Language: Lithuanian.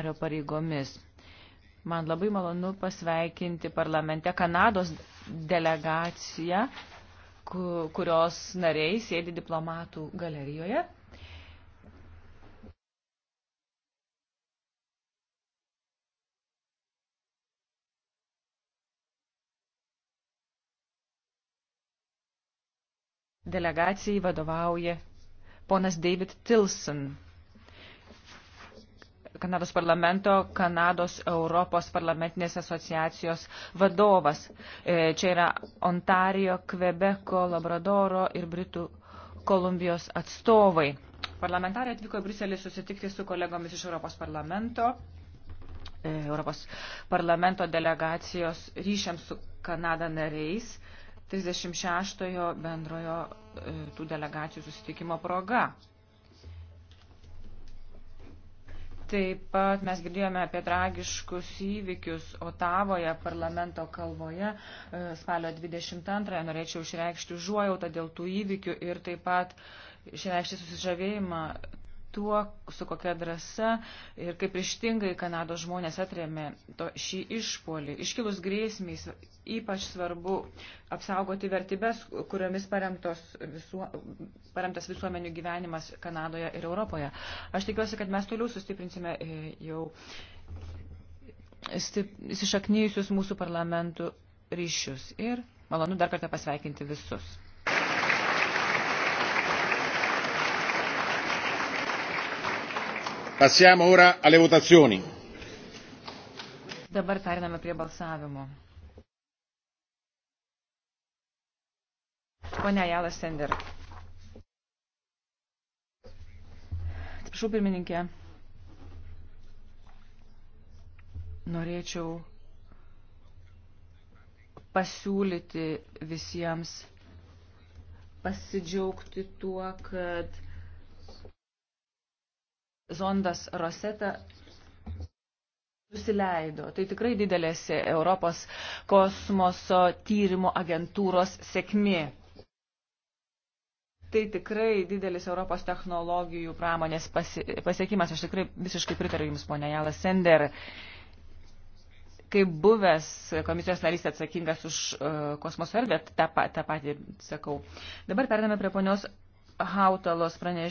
nario pareigomis. Man labai malonu pasveikinti parlamente Kanados delegaciją, kurios nariai sėdi diplomatų galerijoje. Delegacijai vadovauja ponas David Tilson. Kanados parlamento Kanados Europos parlamentinės asociacijos vadovas. E, čia yra Ontarijo, Kvebeko, Labradoro ir Britų Kolumbijos atstovai. Parlamentarai atvyko į Briuselį susitikti su kolegomis iš Europos parlamento, e, Europos parlamento delegacijos ryšiams su Kanada nariais 36 bendrojo e, tų delegacijų susitikimo proga. Taip pat mes girdėjome apie tragiškus įvykius Otavoje parlamento kalboje e, spalio 22. Norėčiau išreikšti užuojautą dėl tų įvykių ir taip pat išreikšti susižavėjimą tuo, su kokia drąsa ir kaip ištingai Kanados žmonės atremė to, šį išpolį. Iškilus grėsmiais ypač svarbu apsaugoti vertybės, kuriomis visuo, paremtas visuomenių gyvenimas Kanadoje ir Europoje. Aš tikiuosi, kad mes toliau sustiprinsime e, jau įsišaknyjusius mūsų parlamentų ryšius. Ir malonu dar kartą pasveikinti visus. Passiamo ora alle votazioni. Dabar periname prie balsavimo. Pone Jalas Sender. Atsiprašau, pirmininkė. Norėčiau pasiūlyti visiems pasidžiaugti tuo, kad zondas Rosetta susileido. Tai tikrai didelės Europos kosmoso tyrimo agentūros sėkmė. Tai tikrai didelis Europos technologijų pramonės pasiekimas. Aš tikrai visiškai pritariu Jums, ponia Jala Sender. Kaip buvęs komisijos narys atsakingas už uh, kosmoso erdvę, tą, tą patį sakau. Dabar perdame prie ponios Hautalos pranešimą.